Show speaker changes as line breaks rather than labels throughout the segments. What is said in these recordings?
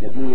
de muy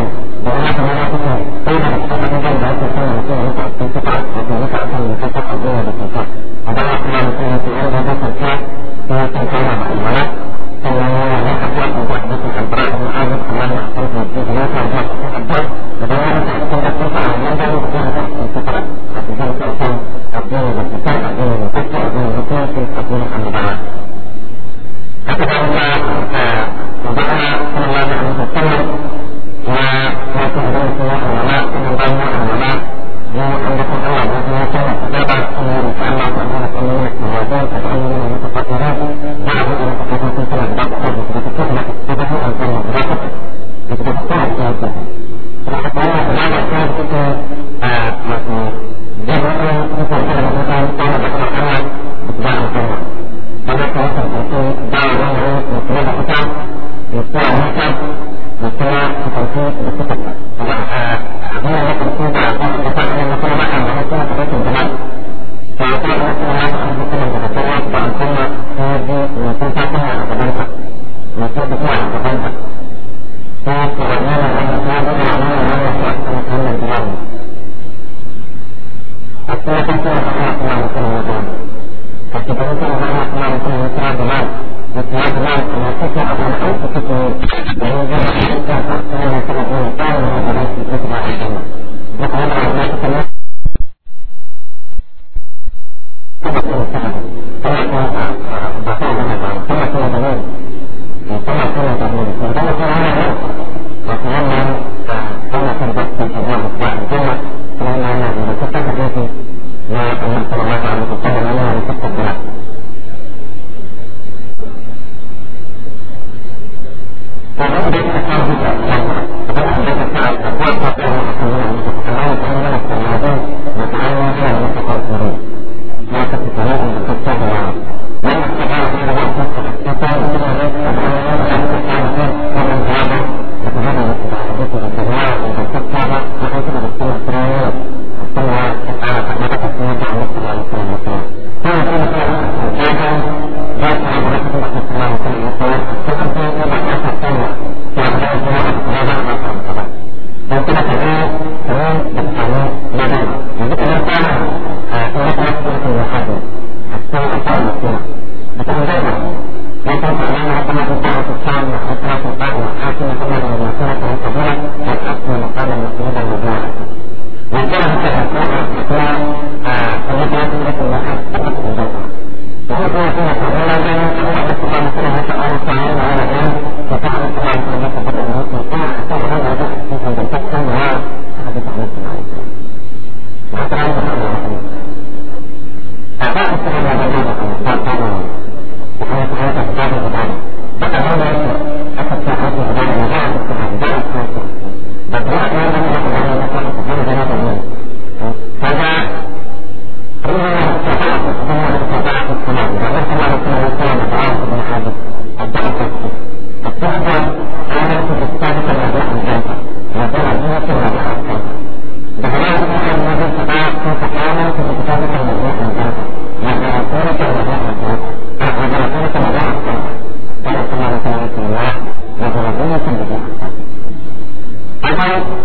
nan da wani kamar ya fi kai da kuma kan da ake sanar da wani kafin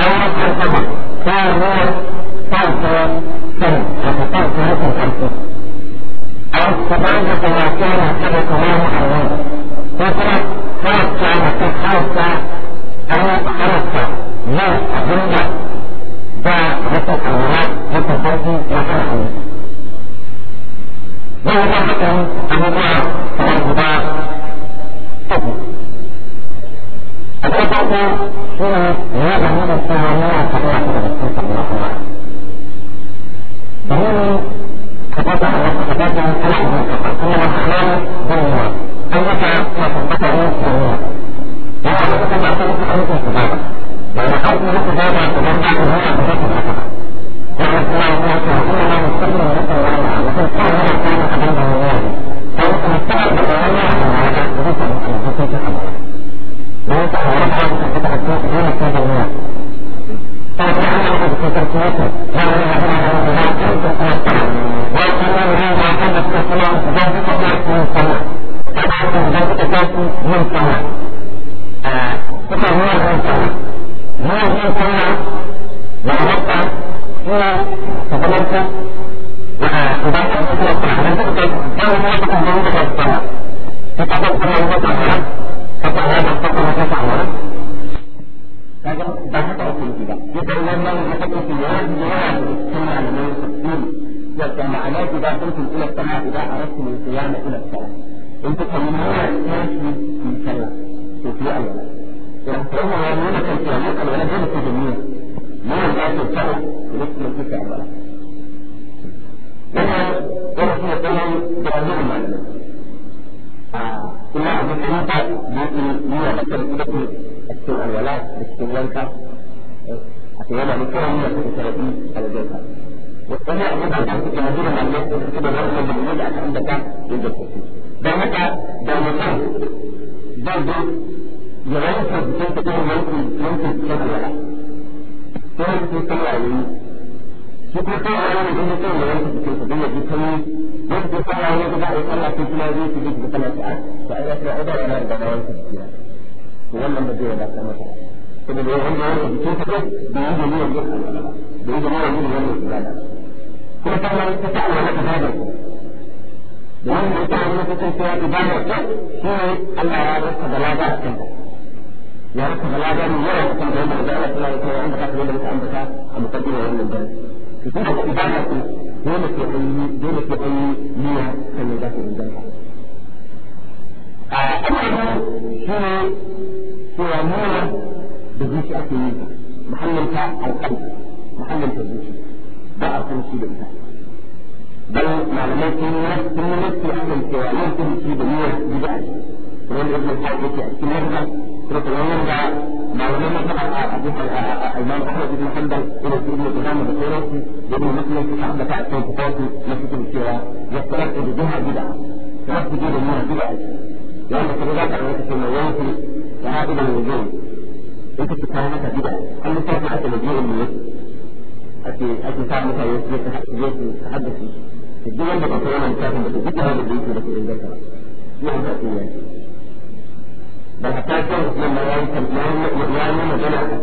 ayyukan sama ta ruwa sauka sama a ta sauka wata farko a
ta ba da ta wata yana kada ta ba mu a wani ko kuma sauka ta sauka a wata harafa na abin da ba wata kawara wata farko ya kara a wani
wani ba haka abubuwa guda ya da Thank you. saboda ya wanda ya fito ta da da da kuma ta ta na da
na shi ne Allah ya rasa a kanta
ya rasa balaga ne yawa kusan da yadda da Allah ta ambata da ambata a mukaddimar wannan darasi kuma dole ke an yi dole ke an yi sannan za a kuma shi ne cewa da zuci ake yin ta muhallin ta muhallin ta zuci ba a san shi da ita dan malamai sun yi sun yi nasu akan cewa yin turki da niyyar gida kamar da ibn Sa'id yake a cikin yarda kuma kamar yadda malamai na fara a Abu Imam Ahmad ibn Hanbal ila ibn Qudama da sauransu da ibn Muslim suka ta a cikin kitabu na cikin cewa ya tsarata da jihar gida ya fi gida niyyar gida يعني فلذلك a أقول لك أنه يمكن a الوجود in ka kawo maka gida an yi fata aka da biyan ne ake ake sa maka wasu ya ta haddace to duk wanda ba kawo nan kafin da duk wanda da yake da ke inganta ba shi an ya ce ba a ta kawo nan ma ya yi ya yi magana a kan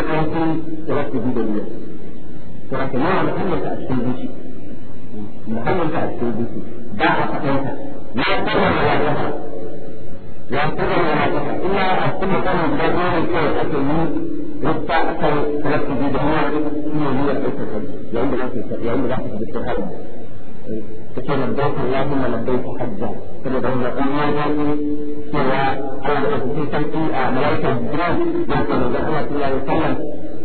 idan an fi tsirafi da biyan tsirafi na wani hanyar ta a cikin zuci muhammad a cikin zuci ba a faɗanta na kowa ya yi ya kuma yana kasa illa a kuma kanin da dole kawai ake yi rufta akan rafi da kuma iya yi a ɗaukar hajji yayin da za su yayin da za su fita hajji take labbaika Allahumma labbaika hajja saboda wannan dan ya gani cewa Allah da cikin sarki a malaika Jibril ya sanar da Allah sallallahu alaihi wasallam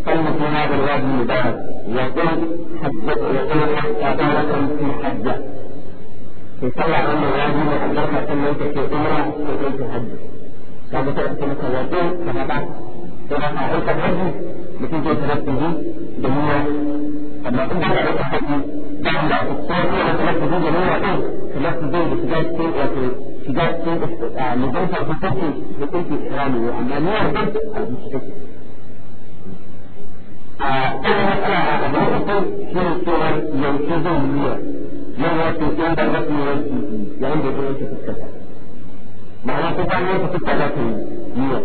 كلمة هذا الواد المبارك يقول حجة يقول حتى بارك في Hajja. to sallah wannan ya yi mai albarka sannan ta ce umra ko ta ce hajji ka ga ta ce maka wato ka haɗa to da ka aika hajji mutum zai tarafi da niyya amma in ba ka hajji da ba ku ko ko da tarafi da niyya din kamar ku zai shiga cikin wato shiga cikin a jiki take a kan wata a gaban ita shi ne cewar yanke zai niyya nan wato in da wasu yawanci yayin da zai fuskar ta ma'ana ko kan yanka fuskar za ta yi niyya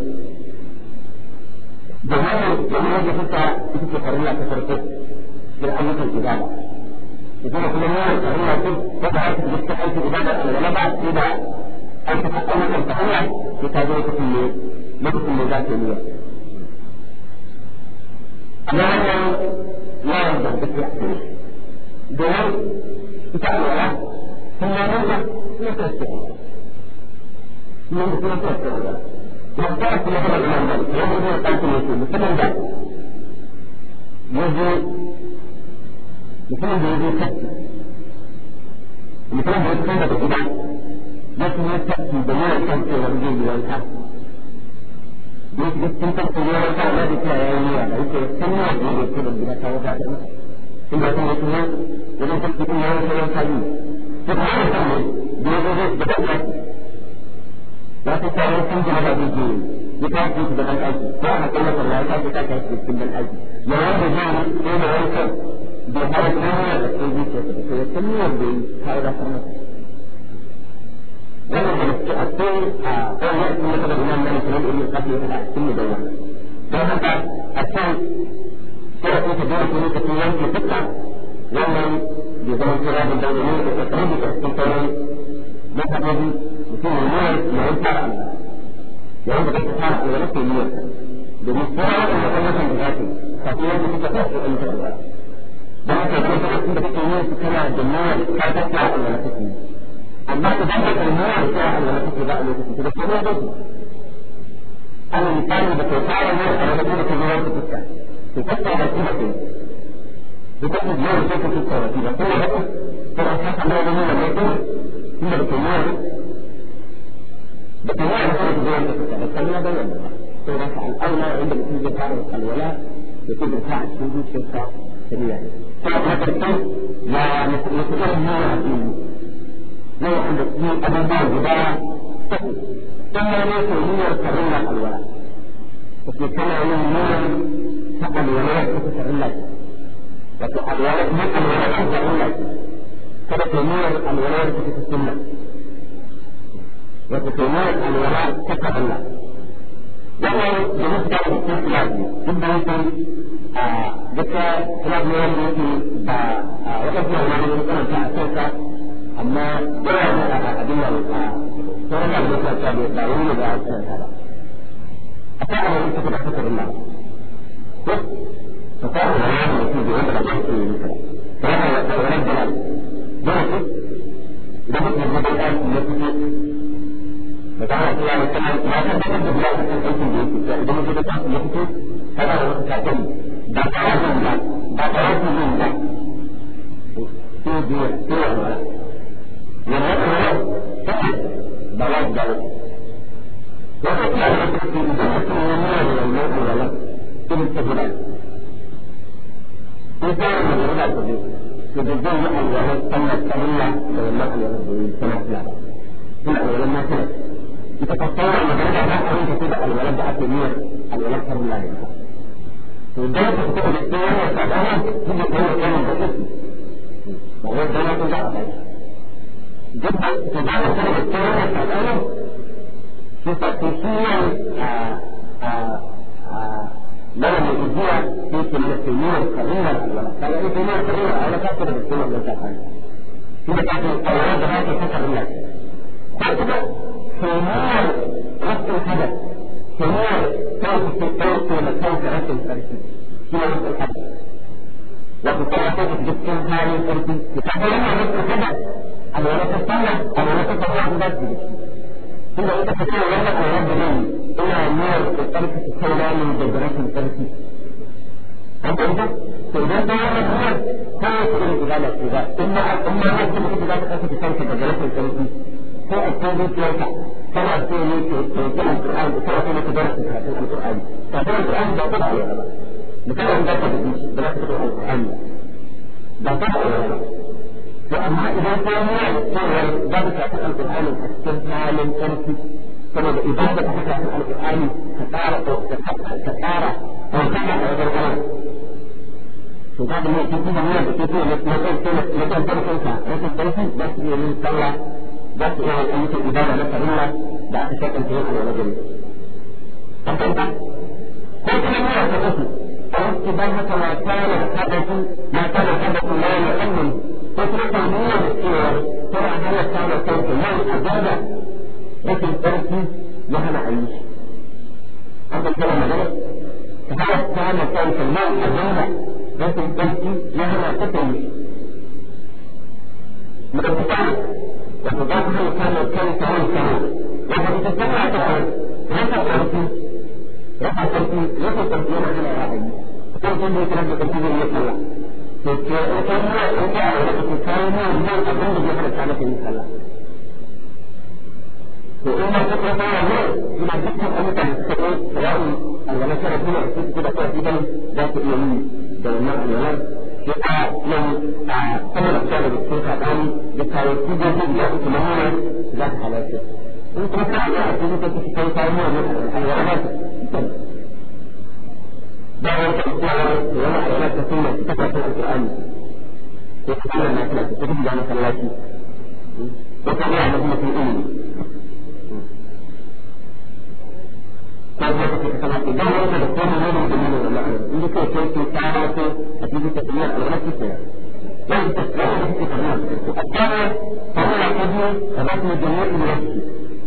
da wannan yin da fuskar
ita ce farilla ta farko da ayyukan ibada وكما كنا نعرف أن هو يكون وضع مستحيل في إبادة الغلبة إذا أن تتقوم الامتحان في تابعة كل مدة ذات اليوم.
لأنه لا
يرضى بالتحقيق دون Italia, finalmente una questione. Non una questione. Ma sehingga sunnahnya dengan kita yang saya tadi kita harus da dia harus berdekat
Lalu saya pun juga begitu.
Kita harus dengan aji. Kita akan terlalu kita harus dengan aji. Yang lain dengan yang lain kan. Dia harus mengenal aji itu. Semua di saya rasa masih. Dan harus diatur. Kalau kita dengan dengan ilmu kasih kita semua dengan. Dan apa? Asal kada ko ta dole ne ka ci yanke fuska wannan bai zama kira da dole ne ka tsara da cikin sauran mazhabi mutum ne ya yanka ya wanda kake fara ko rake niyyar domin kowa ya kuma kan yakan da zaki kafin yanke fuska ka ko an tabbata dan haka ko ka inda kake yin su kana da niyyar ka ta ta ko na kake amma idan ka kai niyyar ka a na kake ba a lokacin da kuma da su ana misali da kai fara ne a lokacin da ka zo fuska se trata de usted. De tanto dinero que se está batiendo todo esto, pero está cambiando de una manera. Y lo que muere, lo que muere es lo que muere, lo que está cambiando de una manera. Pero al alma de la gente que se está batiendo todo esto, lo que muere es lo que muere. Pero por ejemplo, la necesidad de nada aquí, no lo que muere, no lo que muere, no lo que muere, ta alwala ita ta illa ce wato alwala ne alwala ta ta illa ce kada ta nuna alwala ita ta sunna wato ta nuna alwala ta ta illa wannan da mutum da ke kula da duk da yake a duka kula da wanda yake ba a wata kuma wani karanta a kanka amma yana da abin da sauran da ya karanta da ba wani da ya karanta ba a kan da suka da suka ko ka fara da wani mutum da ba yana da ko ta da da da ba بالاستثناء مثال من العلماء الكبير يجوزون لهم ذلك أن التمنى لو المكن يرد سنة لا تنقل لما سنة يتفطر أن هذا لا أن تتبع الولد حتى يمير الولد حر الله يبقى والدولة تتبع الاستثناء والسعدانة هم يقولون كانوا بالاسم وهو الدولة تجعل ذلك جدا تجعل سنة الاستثناء والسعدانة تستطيع mana mai ujiya sai ke nuna taimiyar karuwa ta karuwa a wani kafin da suna da zafani
shi da kafin kwarar da ba ta ta karuwa
ko kuma taimiyar rashin hadar taimiyar kawai su ɗauke na kawai rashin karfi shi ne rashin hadar wato kuma ta ta jikin hannun karfi da ta hannun rashin hadar a wani kafin a wani kafin da ba su da shi tunda ita ta ce wannan koyon da zai ina niyyar da ƙarfi ta kaina ne daga rashin ƙarfi an fahimta to idan ta yi wannan ta yi su irin ibada ce ba in ma in ko ta za ta ƙarfi ta kanta daga rashin ƙarfi ko a cikin zuciyarka tana so ne ke ɗauki alƙur'ani da tana ko ne ta bar su karatun alƙur'ani karatun alƙur'ani ba ta da ba mutum da ta da zuci ba za ta taɓa alƙur'ani ba ba ta da ba to amma idan ka nuna cewar za ka shafi alƙur'ani a cikin halin ƙarfi saboda idan ba ka shafi alƙur'ani ka ƙara ka ƙara ɗaukaka a wajen ƙarar to za ka nuna cikin nuna da ke kuma na kan ƙarfinsa na kan ƙarfi za su iya yin sallah za su iya yin ayyukan ibada na farilla da aka shaƙanta yin ko kuma nuna ta
uku a wasu
idan haka ma kana haɗa su ma kana haɗa su ma ya تترك عملية طبعا هي صعبة ترك لو أجابة لكن تركي لها معيش هذا الكلام غلط فهي صعبة ترك لو أجابة لكن تركي لها معيش من الكتاب وتضافها كان الكلام تعالى تعالى وهذا تتبع تعالى ليس تركي ليس تركي ليس تركي لها معيش تركي ليس تركي ليس تركي to to ita ne ita a wata ta kawo ne ne abin da zai karanta maka yin sallah to in ma ta kawo ne ina dukkan ayyukan da suka yi ra'ayi a gaban da kuma su suke da kawai idan za ku iya yi da wannan alwalar ko a yau a kamar da da cikin kaɗani da kawo kudoji da uku na mana za ka halarta in kuma ka yi a cikin ta cikin kawo ne a alwalar
bayan kwanciyar wani ayyana ta sunna ta kasa alƙur'ani
ko ta kalla na kula ta tafi da masallaci ko ta kalla na kuma sun ilimi ko
ta kasa idan wani da kuma wani da nuna wani ayyana in duka ce ce ta rato a
cikin ta kalla alƙur'ani ta kalla يعني تتكلم في كلام الثاني فهو يقول رسم جميع الوجه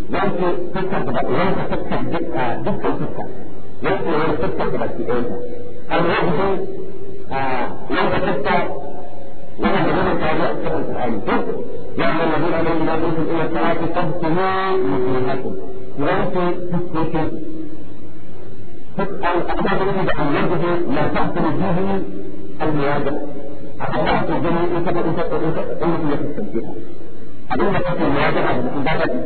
لأنك تكتب وأنت تكتب دقة دقة نحن عن ستة تبكيئين الوحد وحد ستة وهو الذين تابعوا السنة القرآن يا أيها الذين آمنوا إذا قمتم إلى الصلاة فاغسلوا وجوهكم وأنتم تسكتون الأحداث التي عن يده لا تحصل به المواجهة أحداث الجنة إنسان إنسان إنسان يتسجلها أبين بكتب المواجهة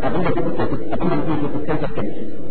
أبين بكتب التسجيل أبين بكتب التسجيل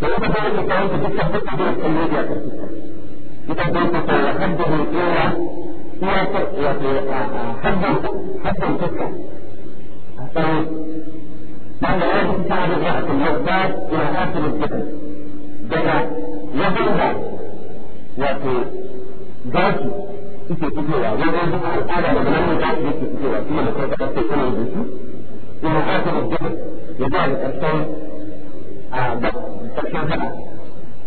فلما كان يتعامل بجد حتى دور الكلمة يتعامل يتحدث إلى حده حتى الفكرة بعد هذه الساعة رجعت المقدار إلى آخر الفتن جرى يضرب وفي ذاتي ike fitowa wajen duk al'ada da nan da ake fitowa kuma da kai da kake kuma da su ina ka ta da ya ba da karshen sarkin hada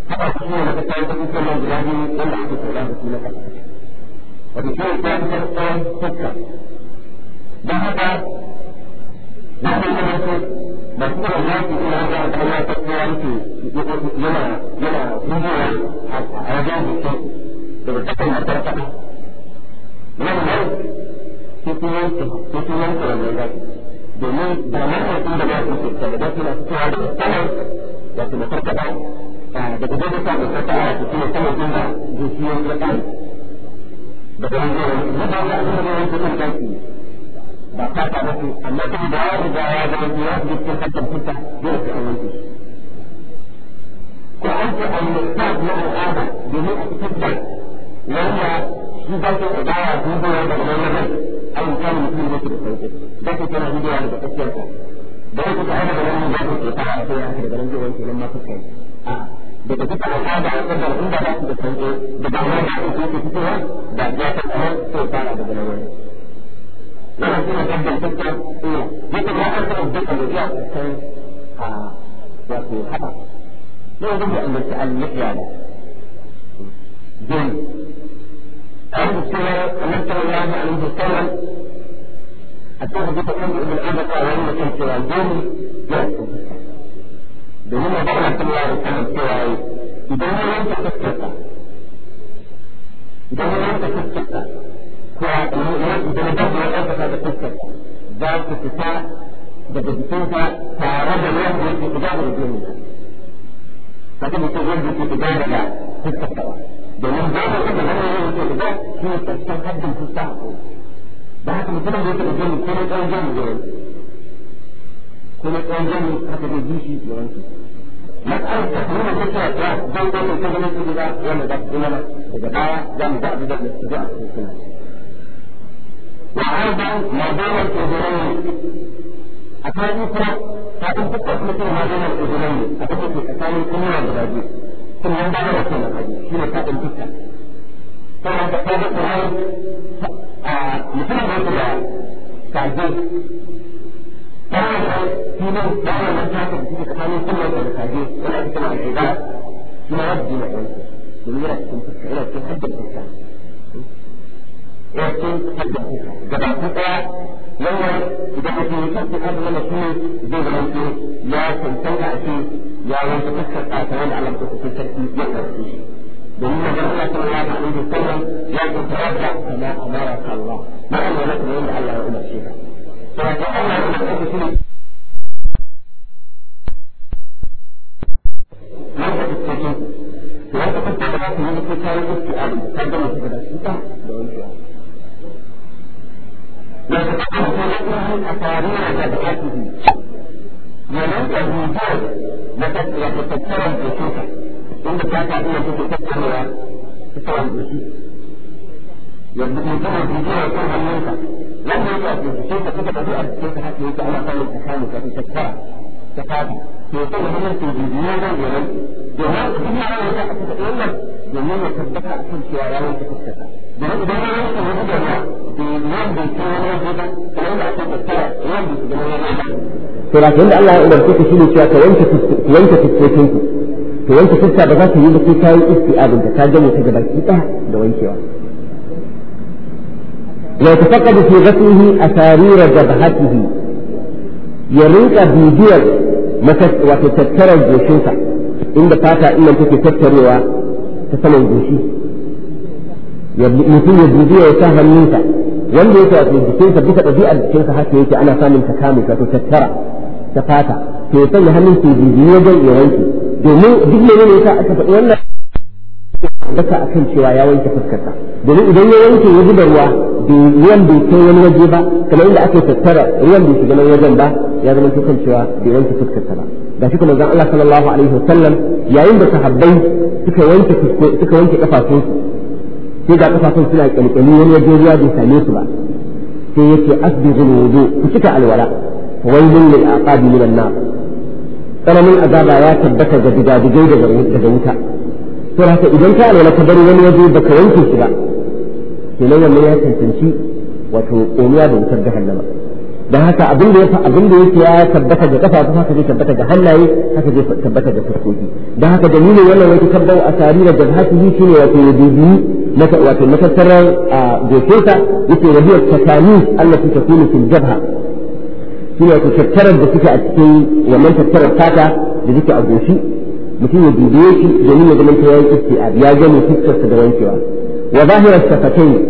haka shi ne da kai kuma kuma guda ne wanda ake tsoron da kuma kai wato sai ta fitar tsawon fuska haka
na kai kuma su ba su kuma ya ke kuma da kuma ya ta tsaya yake yana yana kungiya a wajen da da ba ta kai na tarkata wannan ne
sai kuma yanke sai kuma yanke da domin da mafarkin da za su ke da su na fitowa da tsanar da su matar kaɗa da gudu da sa da ta ala su kuma sanar da zuciyar da kan
da ta yi na ba ta da ya yi kan kanki
ba ta ta ba su amma ta da ya riga ya zama su ya fi cikin hakan fita zai fi an wanke ko an ce an yi sa na al'ada domin a fitar da wanda shi ba ke da ya dubo ya da kuma nan an kan mutum ne da sauki da ke kana dubo da tafiyar ka da ke ta hada da nan da ke ta sai ya da nan jiwon ke nan ma fuska a da ke ta hada da kan da inda ba su da da ba ma da ke ke fitowa da ya ta kuma sai fara daga nan wani yana kuma da fuska eh yake da kan da da da ya san a wato hada ne wanda da an da al-mihyala dole أعرف السنة النبي صلى الله عليه وسلم التوبة دي تكون ابن أبقى وإن كان سوى الجن يأكل بينما بقى صلى الله عليه وسلم سوى إيه إذا هو أنت تسكتها إذا هو أنت تسكتها إذا نبقى أنت تسكتها ذات تسكتها daga jikinka tare da ruwan da yake shiga daga jininka. Mutum mutum wanda yake shiga daga fuskarsa ba. domin ba mu kada nan ne yake da shi ne tsarkan haddin fuska ko da haka mutumin da yake da ko na tsawon jami gurin ko na tsawon jami haka zai ji shi gurin su mas'alar ta kuma da take da dan ko ta zama su da wanda da kuma daga baya za mu ga abin da su da su suna وأيضا موضوع الأذنين أكاد يقرأ فإن تقرأ مثل هذين الأذنين أتفق أكاد يكون هذا sun yi dama da sun yi shi ne fadin fuska sun yi dama da sun yi a mutum da su da kaji kuma
da su ne da ya yi kaka da suke kasa ne sun yi dama da kaji yana cikin da ke ba shi ma yadda yi na
ɗansu domin yana cikin fuska yana cikin hajjar
يمكن جمع قطع لما إذا كنت يمكن قبل ما
تكون زي ما أنت لا تنتهي شيء لا تتكسر آثار على تلك الترتيب بما جعل صلى الله عليه وسلم لا تتراجع كما أمرك الله ما أن لك من ألا يؤمر شيئا فوجاء الله إلى الرسول ليس بالتجديد ليس بالتجديد من الكتاب الاستئذان تقدم في دراسته دون شيئا a Yeah. to da kan Allah ya umarce ku shine cewa ka yanke ku yanke fuskokin ku to yanke fuska ba za ka yi ba sai ka yi isti'adin ka gane ta da wankewa تفقد في غسله أسارير جبهته يريق بيدير وتتكرر جوشنسا inda fata inda take tattarewa ta saman goshi mutum ya dubi ta sa hannunsa wanda yake a jikinsa bisa ɗabi'ar jikinsa haka yake ana samun ta kame ta tattara ta fata to ya sanya hannun ke bibiyi wajen ya wanke domin duk ne ne yasa aka faɗi wannan a kan cewa ya wanke fuskarsa domin idan ya wanke ya zuba ruwa ruwan bai kai wani waje ba kamar inda ake tattara ruwan bai shiga wajen ba ya zama kan cewa bai wanke fuskarsa ba shi kuma zan Allah sallallahu alaihi wasallam yayin da sahabbai suka wanke suka wanke kafafunsu sai ga kafafun suna kyalkyali wani waje ruwa bai same su ba sai yake asbighul wudu ku cika alwala wailun lil aqabi minan nar tsananin azaba ya tabbata ga digadigai daga wuta to haka idan ka alwala ka bari wani waje baka wanke shi ba kenan wannan ya cancanci wato ƙoniya da wutar jahannama da haka abin da ya abin da yake ya tabbata ga kafa haka zai tabbata ga hannaye haka zai tabbata ga fuskoki da haka dalilin wannan wata tabbau a tarihi da haka shi ne wato ya dubi wato matattarar goshesa yake wahiyar takani allati takunu fil jabha shi wato tattarar da suke a cikin wannan tattarar fata da suke a goshi mutum ya dubiye shi domin ya zama yayin istiab ya gani fuskarsa da wankewa wa zahirar shafatai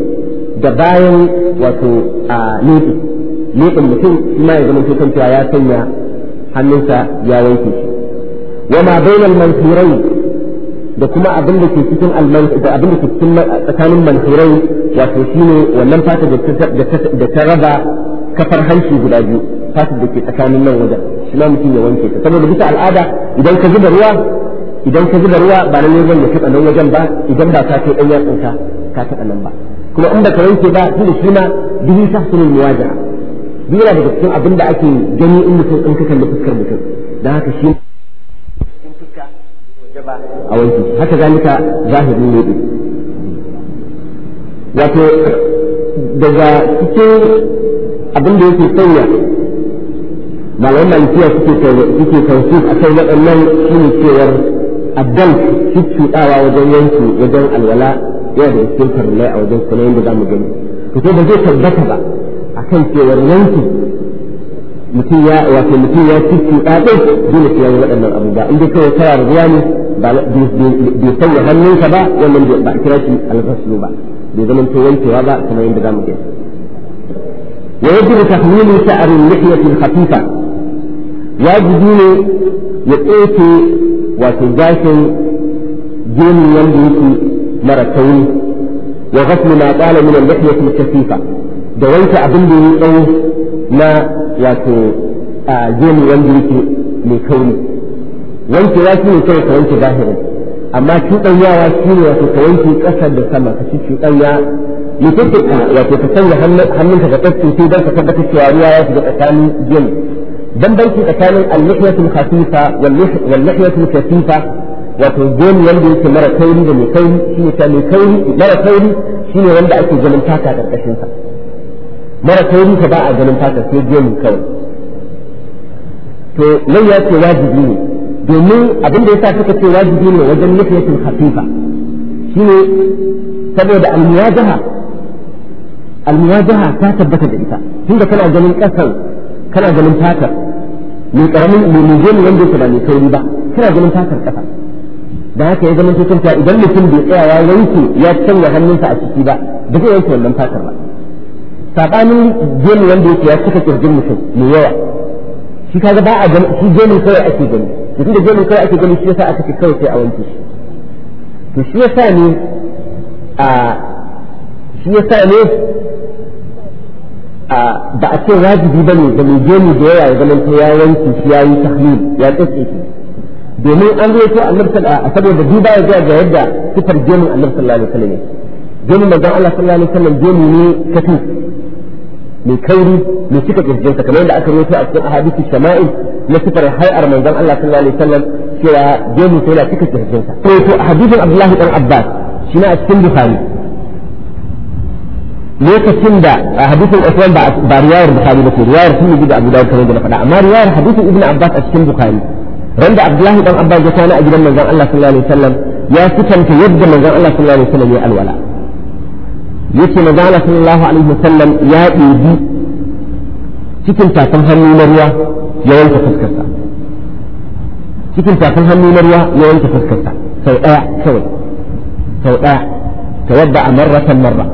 da bayan wato a nufi nufin mutum ma ya zama kan ya sanya hannunsa ya wanke shi wa ma bainal mansurai da kuma abin da ke cikin alman da abin da ke cikin tsakanin manhurai wato shine wannan fata da ta raba kafar hanci guda biyu fata da ke tsakanin nan wajen shi ma mutum ya wanke ta saboda bisa al'ada idan ka zuba ruwa idan ka zuba ruwa ba nan wajen ya taɓa nan wajen ba idan ba ka kai ɗanyar ɗinka ka taɓa nan ba kuma in baka wanke ba tunda shi ma bihi tahsinul muwajaha biyu daga cikin abin da ake gani in mutum in ka kalli fuskar mutum dan haka shi a wanki haka zalika zahirin ne din wato daga cikin abin da yake sanya malaman malikiya suke suke tawfif akan waɗannan shine cewar abdan shi cuɗawa wajen yanki wajen alwala yana da cikin farlai a wajen kuma yadda za mu gani to sai ba zai tabbata ba akan cewar yanki mutum ya wato mutum ya ci cuɗa ɗin dole sai ya yi waɗannan abubuwa in dai kawai kawai ruwa ne bai sanya hannunsa ba wannan ba kira shi alghaslu ba bai zama to wankewa ba kamar yadda zamu gani wa yajibu tahmilu sha'r al-lihyah al-khafifa wajibi ne ya tsefe wato gashin gemu wanda yake mara tauni wa ghaslu ma qala min al-lihyah al-khafifa da wanke abin da yake tsawo na wato gemu wanda yake mai kauni wankewa shi ne kawai ka wanke zahirin amma cuɗanyawa shi ne wato ka wanke ƙasar da sama ka ci cuɗanya mutuntuka wato ka sanya hannunka ka tsaftace don ka tabbatar cewa ruwa ya shiga tsakanin jin bambanci tsakanin al-lihiyatul khafifa wal lihiyatul khafifa wato goni wanda yake mara kauri da mai kauri shi ne mai kauri mara kauri shi ne wanda ake ganin taka karkashin sa mara kauri ka ba a ganin taka sai goni kawai to nan ya ce wajibi ne domin abin da ya sa suka ce wajibi ne wajen nufin nifiyatul hafifa shine saboda almuwajaha almuwajaha ta tabbata da ita tunda kana ganin kasan kana ganin fatar mai karamin mai jini wanda yake ba mai kauri ba kana ganin fatar kasa da haka ya zama cikin ta idan mutum bai tsaya ya yanke ya canza hannunsa a ciki ba da zai yanke wannan fatar ba sabanin jini wanda yake ya cika kirjin mutum mai yawa shi kaga ba a gani shi jini kawai ake gani tun da jami'in kai ake gani shi yasa aka ce kawai sai a wanke shi to shi yasa ne a shi yasa ne a ba a ce wajibi ba ne da mai jami'in da yawa ya zama ta ya wanke shi ya yi tahmil ya domin an zo a annabi a saboda duba ya ga yadda sifar gemin annabi sallallahu alaihi wasallam gemin manzon Allah sallallahu alaihi wasallam ne kafi mai kauri mai cika kirjinsa kamar yadda aka rawaito a cikin ahadisi shama'il na sifar har'ar manzon Allah sallallahu alaihi wasallam cewa gemu sai yana cikin kirjin ko to to hadisin Abdullahi dan Abbas shi na cikin Bukhari lokacin da hadisin Usman ba ba riwayar Bukhari ba ce riwayar sunni da Abu Dawud kamar da na faɗa amma riwayar hadisin Ibn Abbas a cikin Bukhari randa Abdullahi dan Abbas ya kana a gidan manzon Allah sallallahu alaihi wasallam ya sukanta yadda manzon Allah sallallahu alaihi wasallam ya alwala yace manzon Allah sallallahu alaihi wasallam ya dubi cikin tafin hannu na ruwa ya wanke fuskarsa cikin tafin hannu na ruwa ya wanke fuskarsa sau ɗaya kawai sau ɗaya ta wadda a marratan marra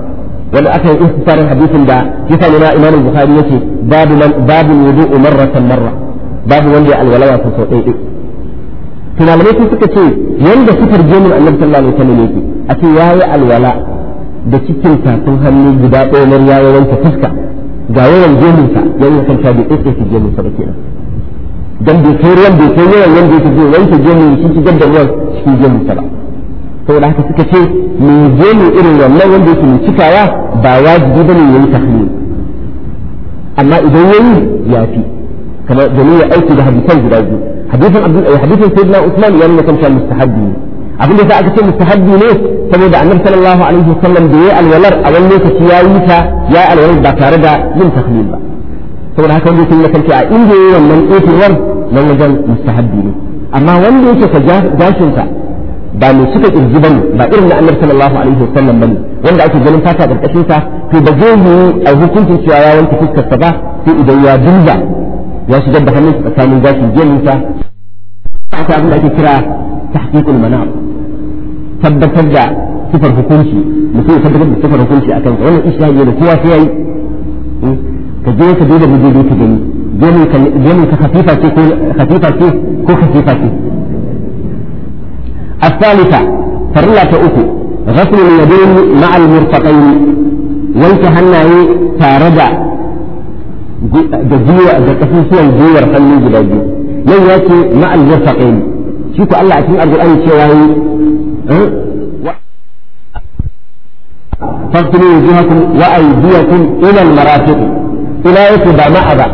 wanda aka yi istifarin hadisin da ya sami na imanin bukhari yake babu babu wudu'u marratan marra babu wanda ya alwala wasu sau ɗaya tunalmai sun suka ce yanda rige min annabi sallallahu alaihi wasallam yake a ce yayi alwala da cikin tafin hannu guda ɗaya na ruwa ya wanke fuska ga yawan jeminsa yayin kan ta bai tsaye jeminsa ba kenan dan bai kai ruwan bai kai yawan wanda yake zai wanke gemun shi ci da ruwan shi gemun sa ba saboda haka suka ce mai gemun irin wannan wanda yake mai cikawa ba wajibi bane yayi tahlil amma idan yayi ya fi kamar domin ya aiki da hadisan guda biyu hadisan abdul eh, hadisan sayyidina usman ya nuna kanta mustahabbi abinda za aka ce mustahabbi ne saboda annabi sallallahu alaihi wasallam da yayi alwalar a wani lokaci ya yi ta ya alwalar ba tare da yin tahlil ba saboda haka wanda sun yi kanci a inda yi wannan ƙetarwar nan wajen mustahabbi ne amma wanda yake ka gashinsa ba mai suka kirji bane ba irin na annabi sallallahu alaihi wasallam ne wanda ake ganin fata ƙarƙashin sa to ba zai yi a hukuncin cewa ya wanke fuskarsa ba sai idan ya dinga ya shigar da hannunsa tsakanin gashin geminsa ta abin da ake kira tahqiqul mana tabbatar da sifar hukunci mutum ya tabbatar da sifar hukunci akan wannan isha'i ne kowa sai yayi hmm? E ka je ka e duba madubi ka gani gemun ka khafifa ce ko khafifa ce ko khafifa ce الثالثة فرلة أكو غسل اليدين مع المرفقين وانتهنا تارجع جزيوة جتفيسيا جيور فلو جدادي لن يأتي مع المرفقين شوفوا الله عشان أرجو أن شوائي فاغسلوا وجوهكم وأيديكم إلى المرافق ina yake ba ma'a ba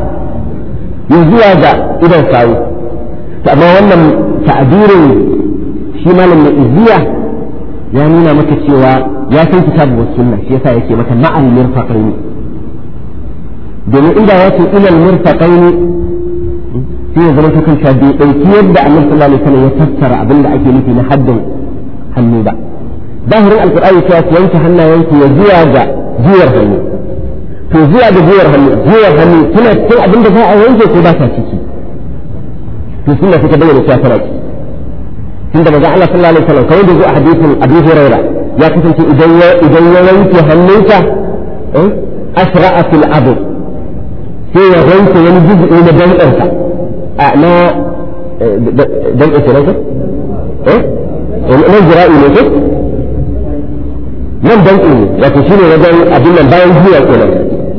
ya zuwa ga idan sawu amma wannan ta'abirin shi malam na izziya ya nuna maka cewa ya san kitabu wa sunna shi yasa yake maka ma'al mirfaqaini domin inda ya ce ilal mirfaqaini sai ya zama ta kanta bai ɗauki yadda annabi sallallahu alaihi wasallam ya tattara abin da ake nufi na haddin hannu ba zahirin alqur'ani cewa su yanke hannayenku ya zuwa ga jiyar hannu to zuwa da gwiwar hannu gwiwar hannu tana cikin abin da za a wanke ko ba ta ciki to sunna suka bayyana cewa tana ciki tunda manzo Allah sallallahu alaihi wasallam kawai da zuwa hadisin Abu Huraira ya kasance idan ya idan ya wanke hannunsa eh asra'a fil abu sai ya wanke wani juz'i na danƙarsa a na danƙarsa ne eh
na jira'i ne
nan danƙi ne wato shine wajen abin nan bayan jiya kenan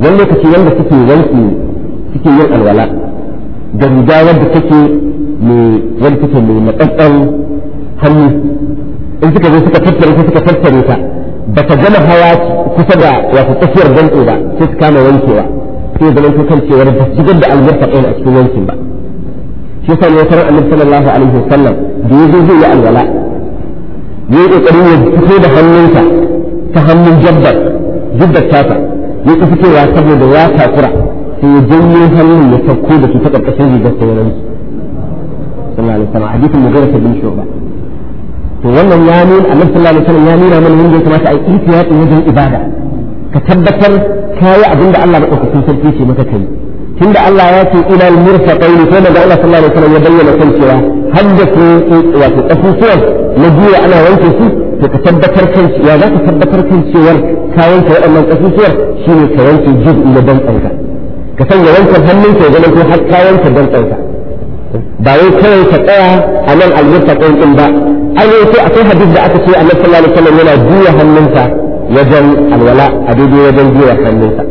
wani lokaci wanda suke wanki suke yin alwala da riga wanda take mai wanda take mai matsatsan hannu in suka zo suka tattare ta suka tattare ta ba ta gama hawa kusa da wato tsakiyar danko ba sai su kama wankewa sai zaman to kan cewa ba su da albarka ɗaya a cikin wankin ba shi yasa ne wata annabi sallallahu alaihi wasallam da ya zo zai yi alwala ya yi kokarin ya fito da hannunsa ta hannun jabbar jabbar tata ya ƙi fitowa saboda ya takura sai ya janyo hannun ya sauko da su ta ƙarƙashin rigar ta yanar sallallahu alaihi wasallam hadisin mu gara bin shuba to wannan ya nuna annabi sallallahu alaihi wasallam ya nuna mana yadda ya kamata a yi ihtiyati wajen ibada ka tabbatar kayi abin da Allah madaukakin sarki ce maka kai tunda Allah ya ce ila al-murfaqaini sai daga Allah sallallahu alaihi wasallam ya bayyana kan cewa haddace wato kasusuwan na biyu ana wanke su to ka tabbatar kan ya za ka tabbatar kan cewar ka wanke waɗannan ƙasusuwar shine ka wanke juz'i na dantsanka ka sanya wankan hannunka ya zama ko har ka wanke dantsanka ba wai kawai ka tsaya a nan almurtaqin din ba an yi sai akwai hadis da aka ce annabi sallallahu alaihi wasallam yana juya hannunsa wajen alwala a daidai wajen juya hannunsa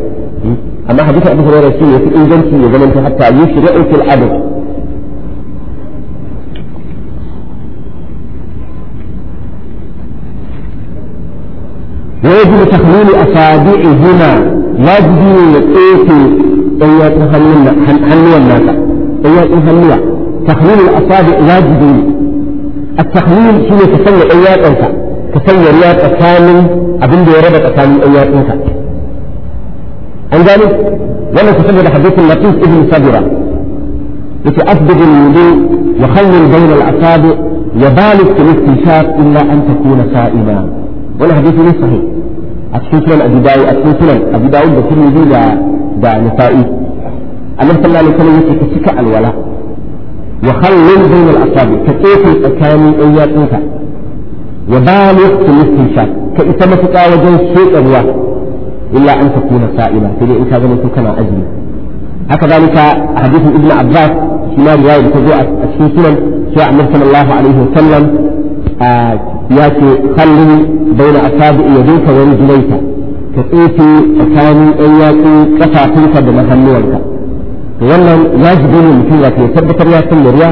hmm? amma hadisin abu hurairah shi ya fi inganci ya zama ta hatta yushri'u fil adl ويجب تخليل أصابعهما يجب يقيسي إيات هنوى الناس إيات تخليل تخليل الأصابع يجدي التخليل شنو تسوي إيات تنسى تسوي إيات أسامن أبن دي ربط أسامي إيات تنسى عن ذلك لما تسوي لحديث اللطيف ابن صبرة لتأسبب الوضوء وخلل بين الأصابع يبالغ في الاستنشاق إلا أن تكون سائما ولا ليس صحيح a cikin sunan Abu Dawud a cikin sunan Abu Dawud da Tirmidhi da da Nasa'i Annabi sallallahu alaihi wasallam yake ka cika alwala wa khallil bayna al-asabi ka tsefe tsakanin ɗan yatsunka wa baligh fil istinshaq ka isa mafika wajen soka ruwa illa an takuna sa'ila sai dai in ka zama to kana azumi haka zalika hadithin Ibn Abbas shi ma riwaya da ta zo a cikin sunan sai Annabi sallallahu alaihi wasallam ya ce kalli bai na asabi iya duka wani julaita ka tsefe tsakanin ɗan yatsu ƙafafunka da mahannuwanka wannan ya ji ne mutum ya ke tabbatar ya san yarwa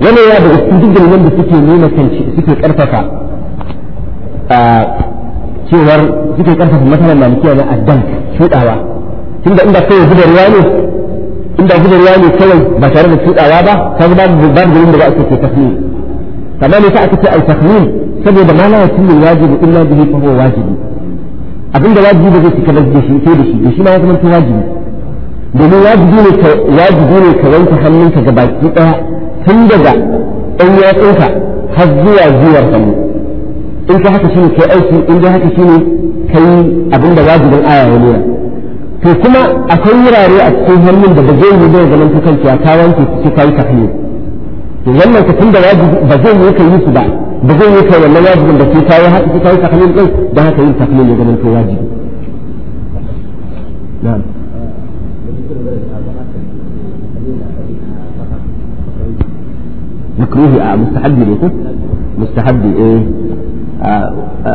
wani ya da wasu dukkan wanda suke nuna kanci suke karfafa cewar suke karfafa matsalar malikiya na addan shuɗawa tunda inda kawai zuba ruwa ne inda zuba ruwa ne kawai ba tare da shuɗawa ba kaga babu babu da za a ce ke tafiye kamar ne ta aka ce al-takmin saboda ma la yatimmu al-wajibu illa bihi fa huwa wajibi abinda wajibi ba zai cika ba da shi sai da shi da shi ma ya zama wajibi domin wajibi ne ka wajibi ne ka wanke hannunka ga baki daya tun daga ɗan yatsunka har zuwa zuwar hannu in ka haka shine kai aiki in ka haka shine kai abinda wajibin aya ya nuna to kuma akwai wurare a cikin hannun da ba zai yi zai zaman ta ya ka wanke su ce kai ka to wannan ka tunda wajibi ba zai yi kai yi su ba ba zai yi kai wannan wajibin da sai kai haɗu sai kai tahlil din dan haka yin tahlil ya zama to wajibi na'am مكروه آه مستحب ليكو مستحب ايه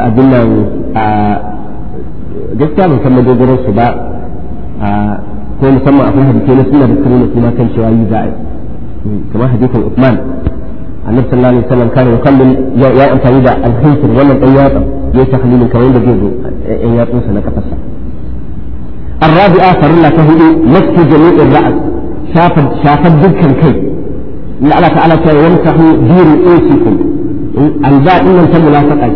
أدلة قلت كان مسمى جوجر الصباح كان مسمى أخوها بكينا سنة بالكرونة لما كان شوائي زائد كما حديث عثمان النبي صلى الله عليه وسلم كان يقلل يا أنت إذا الخنسر ولا الأياط يتخلل كوين بجيزه أياط نسنة إيه الرابع آخر فرلا تهدي نفس جميع الرأس شافت شافت ذكر كي الله تعالى يمسح دير رؤوسكم الباء إن أنت منافقة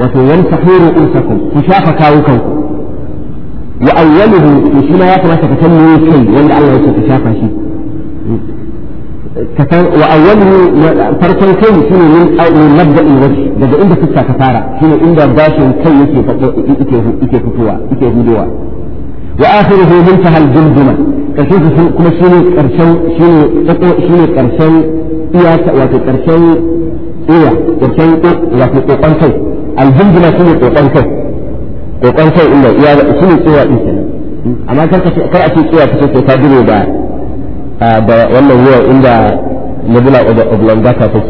وفي يمسح رؤوسكم تشاف كاوكم وأوله في شما يقرأ تتنمي كي وإن الله يتشافى شي وأوله فرقا كي شنو من مبدأ الوجه daga inda fuska ta fara shine inda bashin kai yake yake fitowa yake hudowa wa akhiruhu muntaha al-jumduma karshen su kuma karshen shine tsako shine karshen karshen iya karshen wato kokon kai al-jumduma shine kokon kai kokon kai inda iya shine tsowa din amma kar a ce tsowa kace ta dire da da wannan ruwan inda nebula oblongata take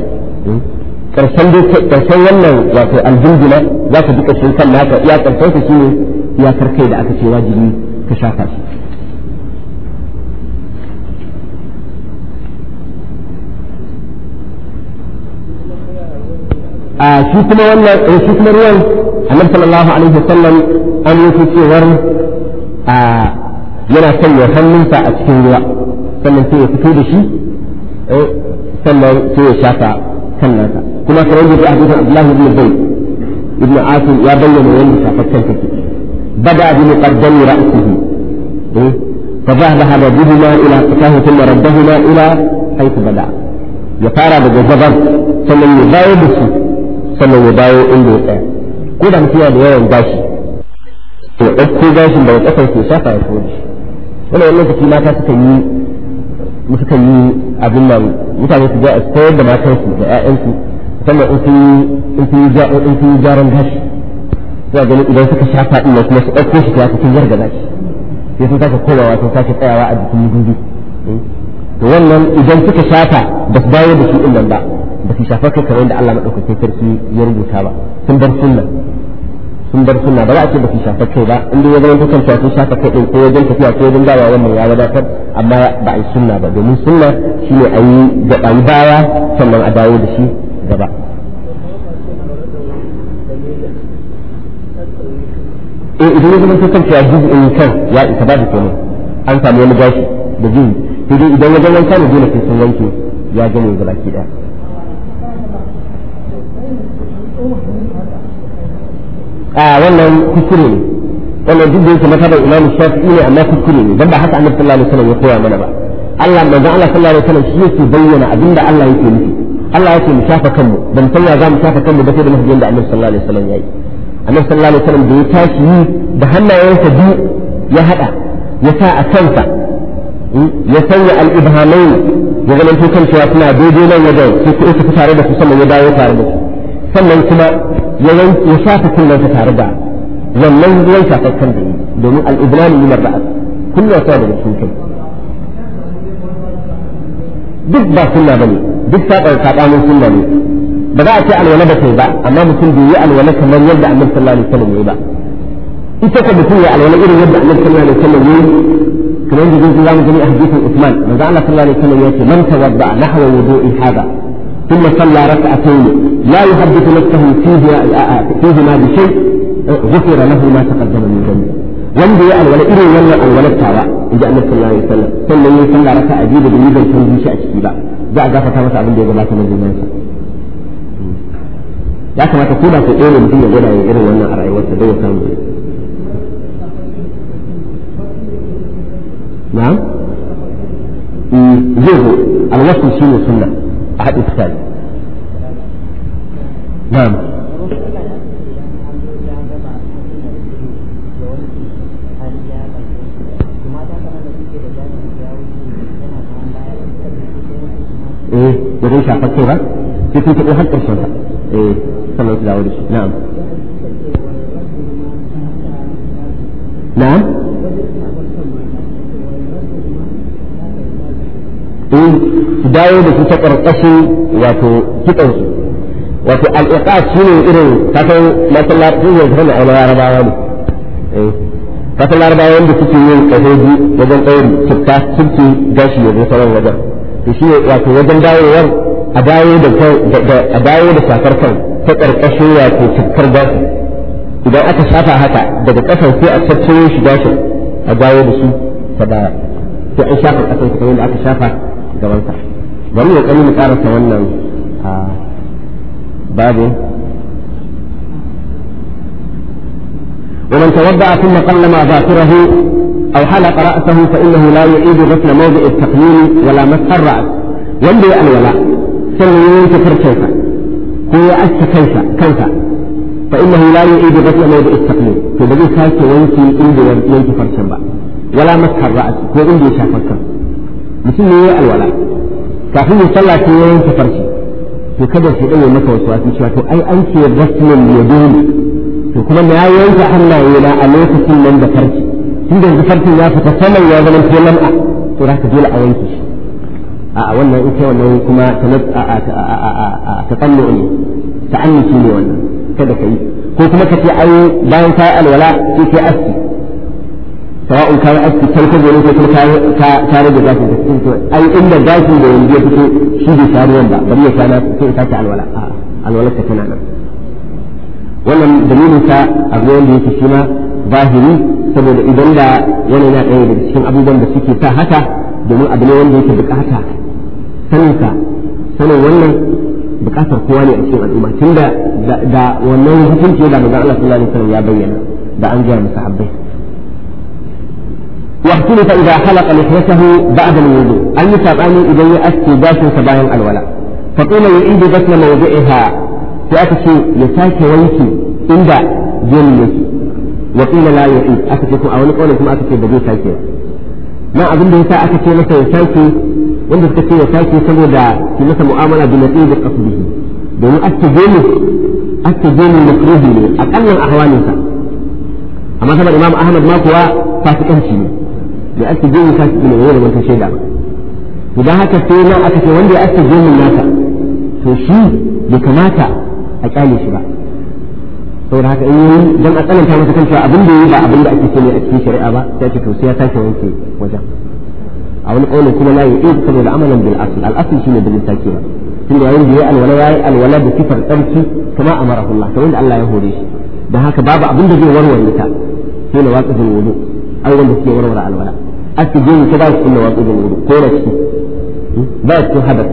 karshen karshen wannan wato aljumbula za ka duka shi kan naka iya karshen ka ne ya karkai da aka ce wajibi ka shafa shi a shi kuma wannan shi kuma ruwan annabi sallallahu alaihi wasallam an yi cewar a yana sanya hannunsa a cikin ruwa sannan sai ya fito da shi eh, sannan sai ya shafa kan nasa kuma kamar yadda da Abdullahi ibn Zayd ibn Asim ya bayyana yadda shafar kan take bada bi muqaddami ra'sihi فذهب هدبهما إلى قفاه ثم ردهما ila haythu bada ya fara daga gabar sannan ya dawo da su sannan ya dawo inda ya tsaya ko da mutum da yawan gashi to ɗauko gashin daga ƙasar ke shafa ya kore shi wannan lokaci mata suka yi sukan yi abin nan mutane su koyar da matansu da 'ya'yansu musamman in sun yi gyaran gashi za gani idan suka sha faɗi ne kuma su ɗauko shi ya cikin yarda gashi sai sun sake komawa sun sake tsayawa a jikin mudubi hmm? to wannan idan suka shafa ba su dawo da shi ɗin nan ba ba su shafa kai kamar yadda Allah maɗaukake sarki ya rubuta ba sun bar sunna sun bar sunna ba za a ce ba su shafa kai ba in dai ya zama dukkan cewa sun shafa kai din ko wajen tafiya ko wajen dawa wannan ya wadatar amma ba a yi sunna ba domin sunna ne a yi gaba baya sannan a dawo da shi gaba eh idan ya zama dukkan cewa juz'in kan ya isa ba da komai an samu wani gashi da juz'i sai idan wajen wanka ne dole sai sun wanke ya gane gaba ki daya a wannan kuskure ne wannan duk da yake matabar imam shafi'i ne amma kuskure ne dan ba haka annabi sallallahu alaihi wasallam ya koya mana ba Allah manzon Allah sallallahu alaihi wasallam shi yake bayyana abinda Allah yake nufi Allah yake mu shafa kanmu ban san ya za mu shafa kanmu ba sai da mahajjin da annabi sallallahu alaihi wasallam yayi annabi sallallahu alaihi wasallam da ya tashi yi da hannayensa biyu ya hada ya sa a kansa hmm, ya sanya al-ibhamai ya zama to kan cewa suna daidai nan wajen sai ku isa tare da su sannan ya dawo tare da su sannan kuma يوم يشاف كل ذي تاربا ظلم ليس فكر به دون الإبلام من الرأس كل صار بالسنكم دك با سنة بني دك ساق القطعان سنة بني بدأ أتي أن ولد سيبا أما مسلم بي أن ولد كمان يبدع من صلى الله عليه وسلم يبا إتكا بسنة أن ولد إذا يبدع من صلى الله عليه وسلم يبا كمان جزيز الله مجمع حديث عثمان من صلى الله عليه وسلم يأتي من توضع نحو وضوء هذا ثم صلى ركعتين لا يحدث نفسه فيهما فيهما بشيء غفر له ما تقدم من ذنبه wanda ya alwala irin wannan alwalartawa in ji annabi sallallahu alaihi wasallam sannan ya sallah raka a biyu da bai bai shi a ciki ba za a gafarta masa abin da ya gabata na zunubansa ya kamata ko da ko ɗaya ne ya gwada yin irin wannan a rayuwarsa da ya samu na zai zo alwasu shi ne sunna أحد الثاني نعم إيه بدون شعفة كيف في كنت أحد إيه صلى الله عليه وسلم نعم نعم dawo da su ta ƙarƙashin wato kitsansu wato al'iqas shi ne irin kasan masallacin ne kasan a larabawa ne eh, kasan larabawa wanda suke yin kasoji wajen ɗaurin cikta cirki gashi ya zo sauran wajen to shi ne wato wajen dawowar a dawo da a dawo da shafar kan ta ƙarƙashin wato cikkar gashi idan aka shafa haka daga ƙasar sai a tattayo shi gashin a dawo da su ta baya sai an shafa ƙasar kuma yadda aka shafa gabansa bari ya kani mu karasa wannan babin ومن توضأ ثم قلم أظافره أو حلق رأسه فإنه لا يعيد غسل موضع التقليل ولا مسح الرأس ينبغي الولاء ثم ينتفر كيف هو أس كيف كيف فإنه لا يعيد غسل موضع التقليل فبدي سالك وينتي إنجي ينتفر كيف ولا مسح الرأس هو إنجي شافر كيف mutum ne ya alwala kafin ya sallah sai ya yanke farci to kada shi dan ya maka wasu wasu cewa to ai an ce rasulun ya dole to kuma na yanke hannaye na a lokacin nan da farci tun da farcin ya fita saman ya zama ke lam'a to za ka dole a yanke shi a wannan in kai wannan kuma ta tsallo ne ta'annuci ne wannan kada ka yi ko kuma ka ce ai bayan ka alwala sai ke aski sawa'un kayan aski farko gari ko kuma ta rage gashin da cikin ai inda gashin da yanzu ya fito shi bai sha ruwan ba bari ya sha na sai ya sake alwala alwala ta tana nan wannan dalilin sa abu wanda yake shi ma zahiri saboda idan da yana na ɗaya daga cikin abubuwan da suke sa haka domin abu ne wanda yake bukata saninsa sanin wannan bukatar kowa ne a cikin al'umma tunda da wannan hukunci da manzon Allah sallallahu alaihi wasallam ya bayyana da an ga musahabbai واختلف إذا حلق لحيته بعد الوضوء أي سبعين إذا يأتي باش سبعين الولاء فقيل يعيد بطن موضعها فأتشي يساك ويكي عند جنيك وقيل لا يعيد أتشي كم أولي قولي كم أتشي بجي ساكي ما أظن به أتشي مثلا يساكي wanda suka يساكي ya دا في ki مؤاملة mu'amala قصده دون أتشي qasdihi أتشي at مكروه لي tajammu makruhi ne a kallan ahwalinsa amma saboda Imam Ahmad ma da ake gemu ta su ne da mata shaida ba idan haka sai nan aka ce wanda ya ake gemu nata to shi bai kamata a kyale shi ba saboda haka in yi don a tsananta masa kan cewa abin da yi ba abin da ake ce ne a cikin shari'a ba sai ce to sai ya sake wanke wajen a wani ƙaunin kuma na yi ɗin saboda amalan bil asl al asl shine da zai sake ba tun da yayin da ya alwala ya yi alwala da sifar tsarki kama amarahullah kamar da Allah ya hore shi don haka babu abin da zai warware ta sai na watsa wudu ai wanda suke warware alwala asibin ta ba su kunna watsu da wuri ko da ciki hmm? ba su cikin hadas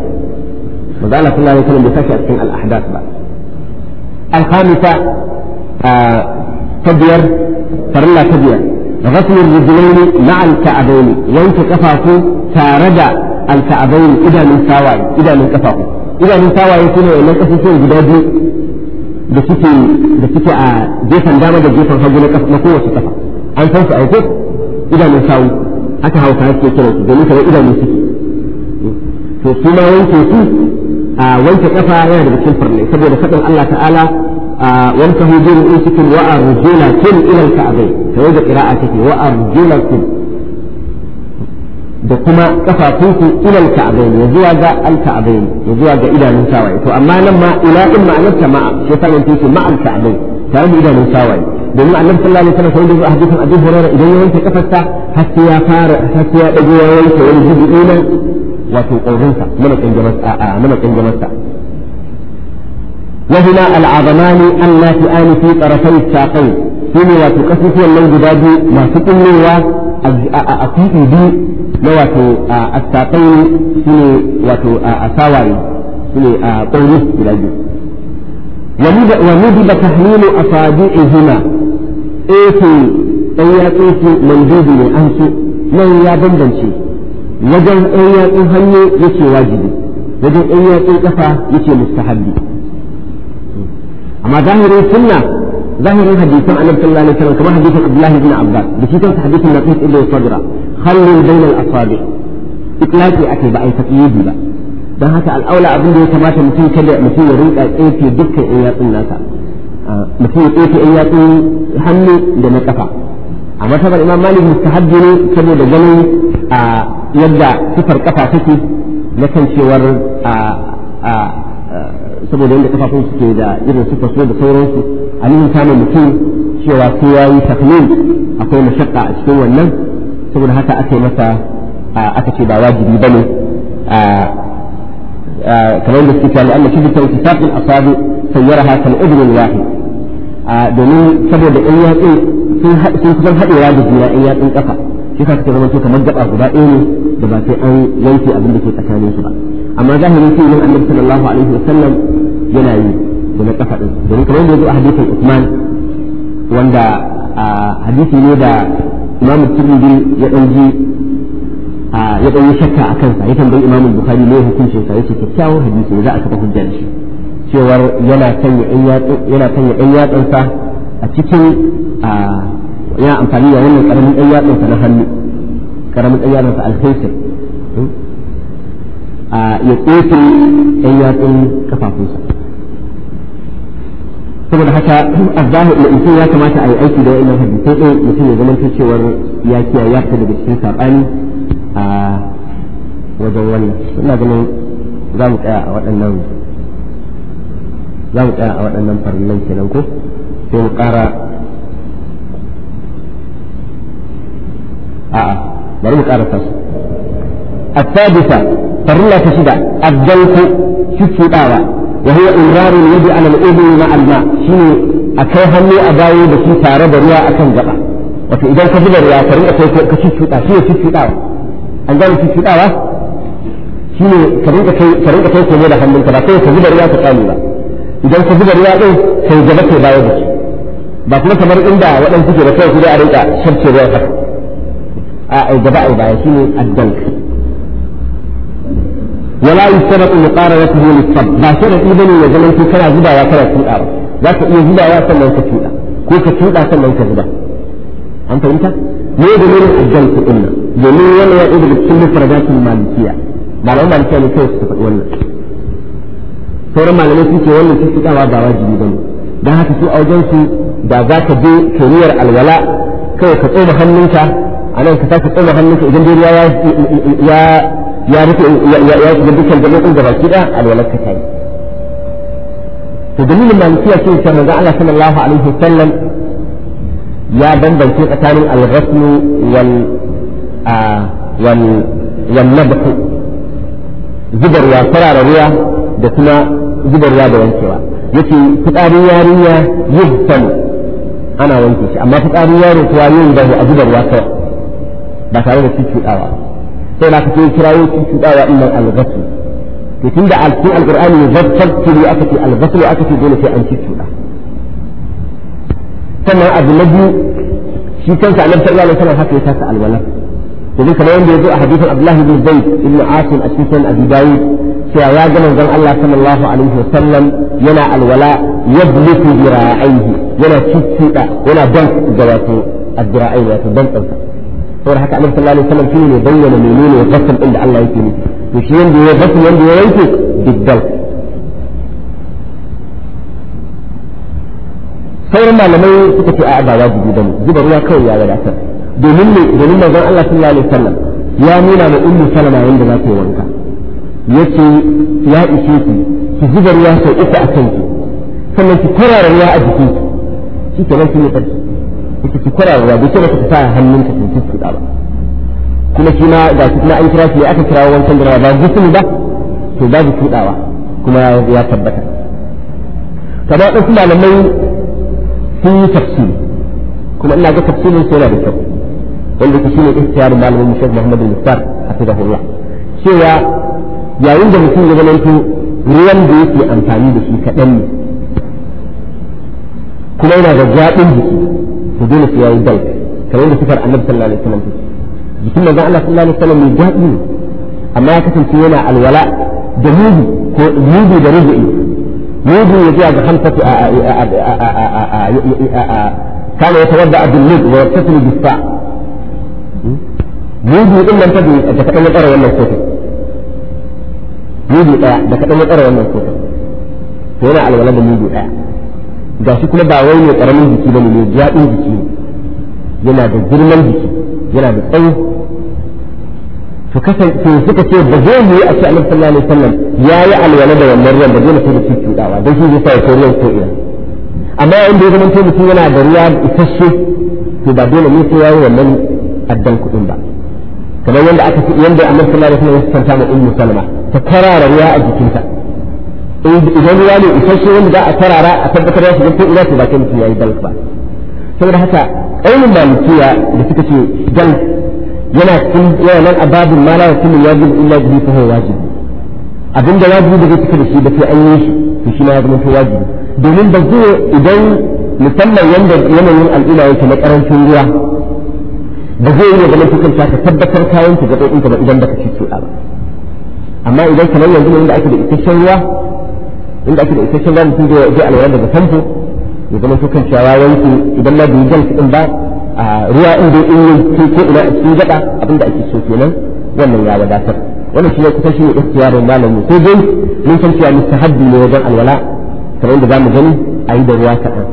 ba za a sallallahu alaihi wasallam bai tashi a cikin al-ahdath ba a khamisa ah, ta biyar farilla ta biyar غسل الرجلين مع الكعبين وانت كفاكو تارد الكعبين اذا من ساواي اذا من كفاكو اذا من ساواي سنه ولا da suke da suke a gefen dama da gefen hagu na kowace kafa an san su a idanun sawu aka hausa suke kira su domin kamar idanu suke to su ma wanke su a wanke kafa yana da cikin farne saboda faɗin Allah ta'ala wanka ilal وانتهوا برؤوسكم وأرجلكم إلى الكعبين فوجد قراءة وأرجلكم da kuma kafafunku ilal ka'bayn ne zuwa ga al ka'bayn ya zuwa ga idanun sawaye to amma nan ma ila din ma'anar jama'a ma'a sai fa yanzu ma'a al ka'bayn tare da idanun sawaye domin annabi sallallahu alaihi wasallam sai da hadisin Abu Hurairah idan ya wanke kafarsa har sai ya fara har sai ya dago ya wanke wani jibi nan wato mana kan jama'a a a muna kanjamar sa وهما العظمان اللاتئان في طرفي الساقين فيما وتقصف اللون جداد ما تقلوا أقيت بي لواتو الساقين فيما واتو أساوي فيما قولي إلى وندب تحليل أصابعهما Eh tsefe ɗan ya tsefe mandubi ne an so nan ya bambance wajen ɗan yatsun hannu yake wajibi wajen ɗan yatsun ƙafa yake mustahabbi amma zahirin sunna zahirin hadisan annabi sallallahu alaihi wasallam kamar hadisin abdullahi ibn abbas da shi kansa hadisin naqis ibn sadra khallu bainal asabi itlaqi akai ba ai taqyidi ba dan haka al'aula abin da ya kamata mutum kada mutum ya rinka tsefe dukkan ɗan yatsun nasa mutum ya tsoke in yatsun hannu da na kafa a matabar imam malik mustahabbi ne saboda ganin a yadda sifar kafa take na kan cewar a saboda yadda kafafun suke da irin sifar su da sauransu a nuna samun mutum cewa sai ya yi takmin akwai mashakka a cikin wannan saboda haka aka yi masa aka ce ba wajibi bane kamar da suke cewa Allah shi bi tawfiqatil asabi sayyaraha kal udhun wahid domin saboda ɗan yaƙi sun kusan haɗewa da juna ɗan yaƙin ƙafa shi ka zama to kamar gaba guda ɗaya ne da ba sai an yanke abin da ke tsakanin su ba amma zahirin shi yin annabi sallallahu alaihi wasallam yana yi da na ƙafa ɗin domin kamar yadda a hadisin Usman wanda hadisi ne da imamu Tirmidhi ya dan ya dan yi shakka a kansa ya tambayi imamu Bukhari ne ya hukuncin sa yace kyakkyawan hadisi ne za a saka hujja da shi cewar yana sanya ɗan yatsunsa a cikin ya amfani da wannan ƙaramin ɗan yatsunsa na hannu ƙaramin ɗan yatsunsa alhaisir hmm? ya ƙofe ɗan yatsun kafafunsa saboda haka azahu da mutum ya kamata a yi aiki da wa'annan hadisai ɗin mutum ya zama cewar ya kiyaye ya fita daga cikin saɓani a wajen wannan ina ganin za mu tsaya a waɗannan za mu tsaya a waɗannan farillan kenan ko sai mu ƙara a'a bari mu ƙara tasu السادسة فرلا تشدة الدلك في السوداوة وهو إمرار اليد على الأذن مع الماء شيء أكيها لي أداوي بشي تارة رياء أكن جقا wato idan ka zuba ruwa ka rinka kai ka cuccuɗa shi ne cuccuɗawa an gane cuccuɗawa shi ne ka kai ka rinka da hannunka ba sai ka zubar ruwa ta tsami ba idan ka zuba ruwa ɗin kai gaba kai baya da shi ba kuma kamar inda waɗansu ke da kai ku a rinka shafce ruwa haka a ai gaba ai baya shine addank wala yusabatu muqararatuhu lis-sab ba sharadi bane ya zama ko kana zubawa kana tuda ba za ka iya zubawa sannan ka tuda ko ka tuda sannan ka zuba an fahimta ne da ne addank din nan domin wannan ya daga cikin mufradatul malikiyya malaman malikiya ne kai suka faɗi wannan sauran malamai sun ce wannan tuttuɗawa ba wajibi bane don haka su a wajen su da za ka je kemiyar alwala kawai ka tsoma hannunka a nan ka tashi tsoma hannunka idan dai ya ya ya rufe ya ya shiga dukkan gaban gaba ki da alwalar ka tayi to dalilin malikiya ce ta manzo Allah sallallahu alaihi wasallam ya bambance tsakanin al-ghasl wal wal wal nabh zubar ya fara ruwa da kuma zubar zubarwa da wankewa yace fitsarin yarinya yuhsanu ana wanke shi amma fitsarin yaro kuwa yin da a zubarwa kawai ba tare da cucuɗawa sai na fito kirayo cucuɗawa in nan algasu to tun da alfin alƙur'ani ya zartar tuli aka ce algasu aka ce dole sai an cucuɗa sannan abu na biyu shi kansa annabi sallallahu alaihi sama haka ya tasa alwala domin kamar wanda ya zo a hadisin abdullahi bin zaid ibn asim a cikin abi dawud cewa ya ga manzon Allah sallallahu alaihi sallam yana alwala yabluku dira'aihi yana cicciɗa yana dan ga wato addira'ai wato dan ɗansa saboda haka annabi sallallahu alaihi wasallam shine bayyana menene ghasl din da Allah yake nufi to shi yanda ya ghasl yanda ya yanke diddal sauran malamai suka ce a'a ba wajibi bane zuba ruwa kawai ya wadatar domin ne domin manzon Allah sallallahu alaihi ya nuna ma ummu salama yanda za ta yi wanka yace ya ishe ku ki zuba ruwa sau uku a kanku sannan ki kwarara ruwa a jikin ku shi ta kin yi barci ita ki kwarara ruwa bai kenan ka sa hannunka kin da ba kuma shi ma ga shi kuma an kira shi aka kira wancan da ba gusul ba to babu kudawa kuma ya tabbata kamar wadansu malamai sun yi tafsir kuma ina ga tafsirin sai yana da kyau wanda shi ne tiyarin malamin mushaf Muhammad al-Mukhtar hafizahullah cewa yayin da mutum ya zamanto ruwan da yake amfani da shi kaɗan ne kuma yana da zaɓin jiki to dole sai yayi dal kamar da sifar annabi sallallahu alaihi wasallam jikin manzon Allah sallallahu alaihi wasallam mai daɗi ne amma ya kasance yana alwala da mudu ko mudu da rubu'i mudu ya zuwa ga hamsatu kana ya tawadda abin lid wa yaktasilu bis sa mudu din nan ta da kaɗan ya tsara wannan kotun mudu ɗaya da kaɗan ya tsara wannan kotun to yana alwala da mudu ɗaya ga shi kuma ba wai mai ƙaramin jiki ba ne mai jaɗin jiki ne yana da girman jiki yana da tsayi to kasance suka ce ba zai yi a ce annabi sallallahu alaihi wasallam ya yi alwala da wannan ruwan da dole sai da shi cuɗawa don shi zai sa ya ko ruwan ko ina amma yayin da ya zama mutum yana da ruwa isasshe to ba dole ne sai ya yi wannan addan kuɗin ba kamar yadda aka yadda annabi sallallahu alaihi wasallam ya santa ma ummu salama ta tarara ruwa a jikinta idan ruwa ne isasshe wanda za a tarara a tabbatar ya shiga ko ina to ba kai mutum yayi dalk ba saboda haka ainin malikiya da suka ce dan yana cikin yana nan a babin ma la yakunu wajibi illa bihi fa huwa wajibi abinda wajibi da zai cika da shi da sai an yi shi to shi ma ya zama wajibi domin ba zai idan musamman yanda yanayin al'umma yake na karancin ruwa ba zai iya zama cikin ka tabbatar kayan ka gaɓoɓinka ba idan baka ci su. ba amma idan kamar yanzu ne inda ake da isasshen ruwa inda ake da isasshen ruwa mutum zai a lura daga famfo ya zama su kan cewa yanki idan na dujan din ba ruwa in dai in yi ko ina su cikin gaba abinda ake so kenan wannan ya wadatar wannan shi ne kusa shi ne ikhtiyarin malami ko dai mun san cewa mustahabbi ne wajen alwala kamar yadda zamu gani a yi da ruwa kaɗan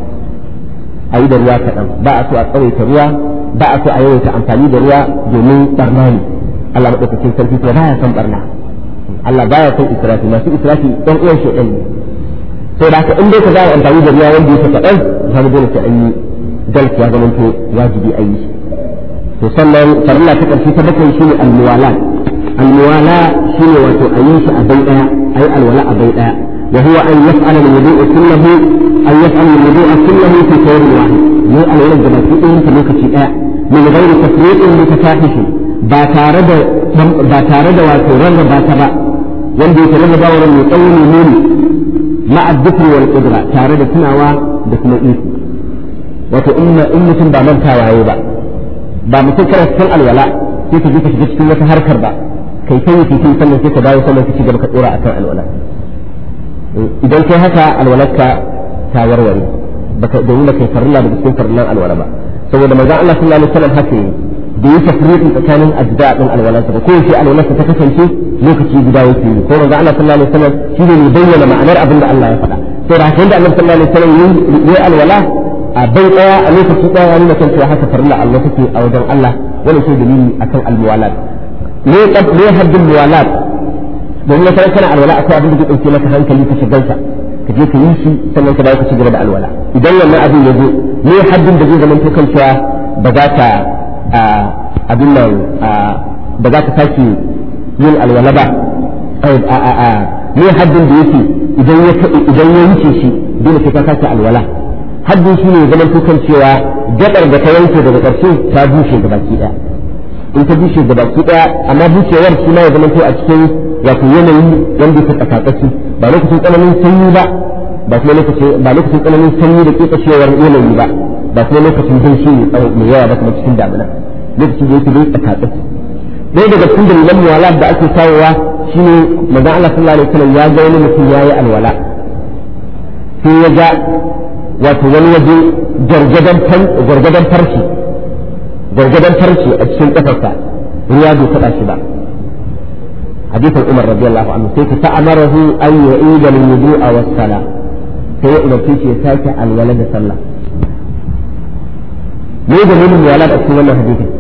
a yi da ruwa kaɗan ba a so a tsawaita ruwa ba a so a yawaita amfani da ruwa domin barna ne Allah maɗaukakin sarki kuma ya san barna Allah baya son israfi masu israfi don uwan shaitan ne to da haka in dai ka za a amfani da ruwa wanda yake kaɗan za mu dole ka an yi dalki ya zama to wajibi a yi shi to sannan farilla ta ƙarshe ta bakwai ne almuwala almuwala shine wato a yi shi a bai ɗaya a yi alwala a bai ɗaya وهو أن يفعل الوضوء كله أن يفعل الوضوء كله في ثوب واحد مو على يد جماعتين في لوكتي من غير تفريق متفاحش ba tare da wato rarraba ta ba wanda yake rarrabawar mai tsawo ne nuni ma'addikri wal qudra tare da tunawa da kuma iko wato in mutum ba mantawa yayi ba ba mutum kana cikin alwala sai ka je ka shiga cikin wata harkar ba kai sai kai kai sannan sai ka dawo sannan ka ci gaba ka dora akan alwala idan kai haka alwalarka ta warware baka domin baka farilla daga cikin farillan alwala ba saboda manzon Allah sallallahu alaihi wasallam haka yi da yi tafriqin tsakanin ajda din alwalarsa ko sai alwalarsa ta kasance lokaci guda yake yi ko manzo Allah sallallahu alaihi wasallam shi ne bayyana ma'anar abin da Allah ya faɗa to da haka inda Allah sallallahu alaihi wasallam yi alwala a bai daya a lokaci daya ya nuna cewa haka farilla Allah take a wajen Allah wannan shi dalili akan alwalat ne kab ne haddin muwalat don na kana alwala akwai abin da ke dauke maka hankali ka shigalta ka je ka yi shi sannan ka dawo ka cigaba da alwala idan wannan abin ya zo ne haddin da zai zama to kan cewa ba za ka abin nan ba za ka sake yin alwala ba a ne haddin da yake idan ya wuce shi dole sai ka sake alwala haddin shi ne zaman tukan cewa gabar da ka yanke daga ƙarshe ta bushe da baki ɗaya in ta bushe da baki ɗaya amma bushewar shi ma ya zama to a cikin wato yanayi wanda ta tsakatsaki ba lokacin tsananin sanyi ba ba kuma lokacin ba lokacin tsananin sanyi da kekashewar yanayi ba ba kuma lokacin danshi mai yawa ba kuma cikin damina lokacin da yake dai tsakatsaki dai daga cikin dalilan muwalat da ake kawowa shine manzon Allah sallallahu alaihi wasallam ya ga wani mutum yayi alwala sai ya ga wato wani waje gargadan gargadan gargadan a cikin kafarsa ruwa bai taba shi ba hadisin Umar radiyallahu anhu sai ta ta'amarahu an yu'ida al-wudu'a was-salah sai ya umarce shi ya sake alwala da sallah me dalilin muwalat a cikin wannan hadisin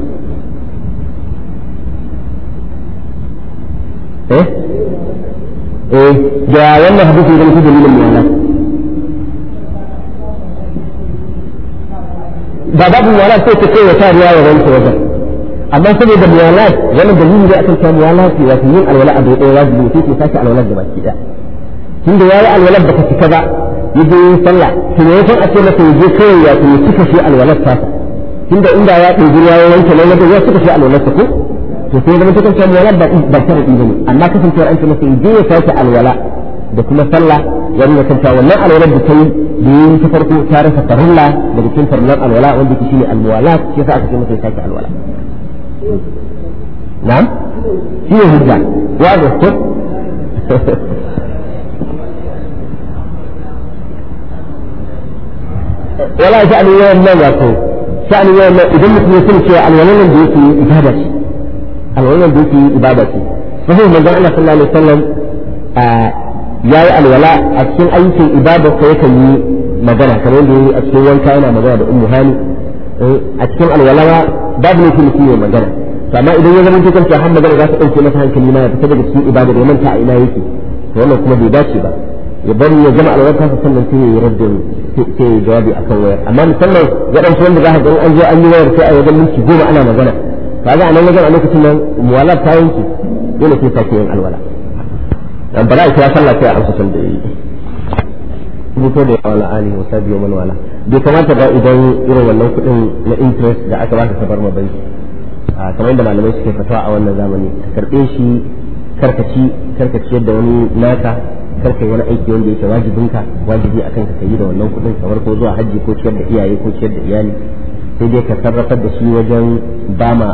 eh eh da wannan hadisin da muke dalilin mu wannan
ba babu wala sai ta kai wata riya ya wanke wajen
amma saboda muwalat wannan dalili da aka samu muwalat ya fi yin alwala a dai wajibi sai ke sake alwala da baki da tunda yayi alwala ba ka cika ba yaje yin sallah to ne san a ce masa yaje kai ya ci cika shi alwala ta tunda inda ya ɗauki ruwa ya wanke lalle ya cika shi alwala ta ko to sai zama ta kanta alwala ba ba sharadi bane amma kasancewar an ce masa je ya sauke alwala da kuma sallah ya nuna kanta wannan alwala da kai yi da yi ta farko ta rasa farilla daga cikin farillan alwala wanda yake shine alwala shi yasa aka ce masa ya sauke alwala na'am shi ne hujja wa da ko wala sha'ani yawan nan wato sha'ani yawan nan idan mutum ya san cewa alwalan da yake ibada alwalar da yake yi ibada ce sahih manzon Allah sallallahu alaihi wasallam yayi alwala a cikin aikin ibada sa yakan yi magana kamar da yayi a cikin wanka yana magana da ummu hani eh, a cikin alwala babu ne kuma magana amma idan ya zama cikin ta har magana za ta dauke masa hankali ma ya fita daga cikin ibada da manta a ina yake to wannan kuma bai dace ba ya bari ya zama alwarka sa sannan sai ya radda sai ya jawabi akan wayar amma musamman waɗansu wanda za ka gani an zo an yi wayar sai a yaga minti goma ana magana kaga a nan wajen a lokacin nan muwala ta yanki dole sai sake yin alwala dan bara ita sallah sai an san da yi mutu da wala ali wa sabiyo man wala bi kamata ba idan irin wannan kuɗin na interest da aka baka ta bar ma banki ah, kamar da malamai suke fatawa a wannan zamani ka shi karkaci karkaci yadda wani naka karka wani aiki wanda yake wajibinka wajibi akan ka yi da wannan kuɗin kamar ko zuwa hajji ko ciyar da iyaye ko ciyar da iyali sai dai ka sarrafar da shi wajen bama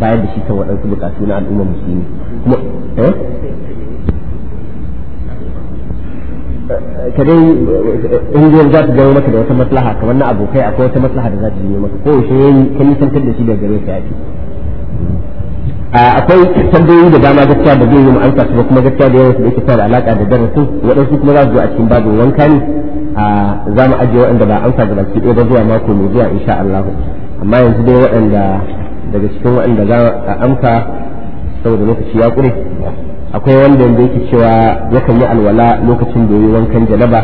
bayar da shi kan waɗansu bukatu na al'ummar musulmi kuma eh? ka dai ƙungiyar za ta gano maka da wata maslaha kamar na abokai akwai wata maslaha da za ta nemi maka ko yaushe yayi ka nisantar da shi da gare ka yafi akwai tambayoyi da dama gaskiya da zai yi mu amsa kuma gaskiya da yawan su da yake da alaƙa da darasin waɗansu kuma za su zo a cikin babin wanka ne za mu ajiye waɗanda ba amsa baki ɗaya ba zuwa mako mai zuwa insha Allah amma yanzu dai waɗanda daga cikin waɗanda za a amsa saboda lokaci ya ƙure akwai wanda yanzu yake cewa yakan yi alwala lokacin da yi wankan janaba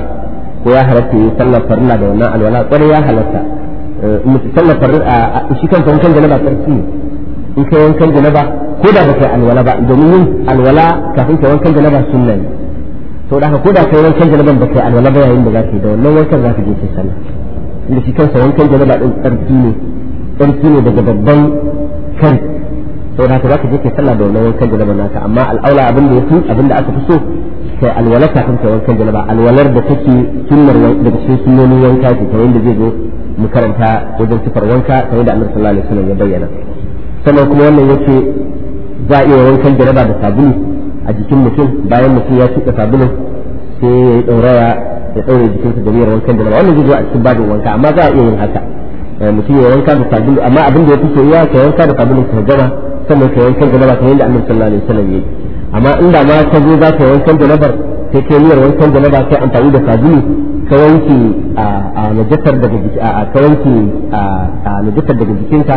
ko ya halatta yi sallar farilla da wannan alwala ƙwarai ya halatta eh, mutu sallar farilla shi kansa wankan janaba sarki ne in kai wankan janaba ko da ba kai alwala ba domin yin alwala kafin kai wankan janaba sunna ne to da ko da kai wankan jalaban ba kai alwala ba yayin da za ka yi da wannan wankan za ka je kai sallah inda shi kansa wankan jalaba din tsarki ne tsarki ne daga babban kan to da za ka je kai sallah da wannan wankan jalaban naka amma al'aula abin da yafi abin da aka fi so kai alwala ta kanta wankan jalaba alwalar da take sunnar daga cikin sunnonin wanka ce ta wanda zai zo mu karanta wajen sifar wanka ta yanda annabi sallallahu alaihi wasallam ya bayyana sannan kuma wannan yake za a iya wankan janaba da sabulu a jikin mutum bayan mutum ya tuka sabulun sai ya yi ɗauraya ya ɗaure jikinsa da biyar wankan da wannan zai zo a cikin babin wanka amma za a iya yin haka eh, mutum ya wanka da sabulu amma abin da ya fi ya ka wanka da sabulun ka gama sannan ka wankan da ba kamar yadda annabi sallallahu alaihi wasallam ya yi amma inda ma ka zo za ka wankan da nabar sai ka niyyar wankan da nabar sai amfani da sabulu ka wanke a najasar daga ka wanke a najasar daga jikinka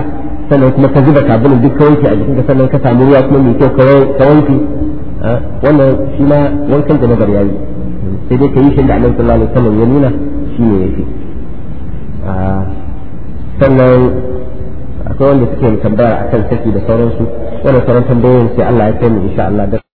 sannan kuma ka zuba sabulun duk ka wanke a jikinka sannan ka samu ruwa kuma mai kyau ka wanke wannan shi ma wankan da nazar yayi sai dai ka yi shi da annabi sallallahu alaihi wasallam ya nuna shi ne yafi sannan akwai wanda suke tambaya akan saki da sauransu wannan sauran tambayoyin sai Allah ya kai mu insha Allah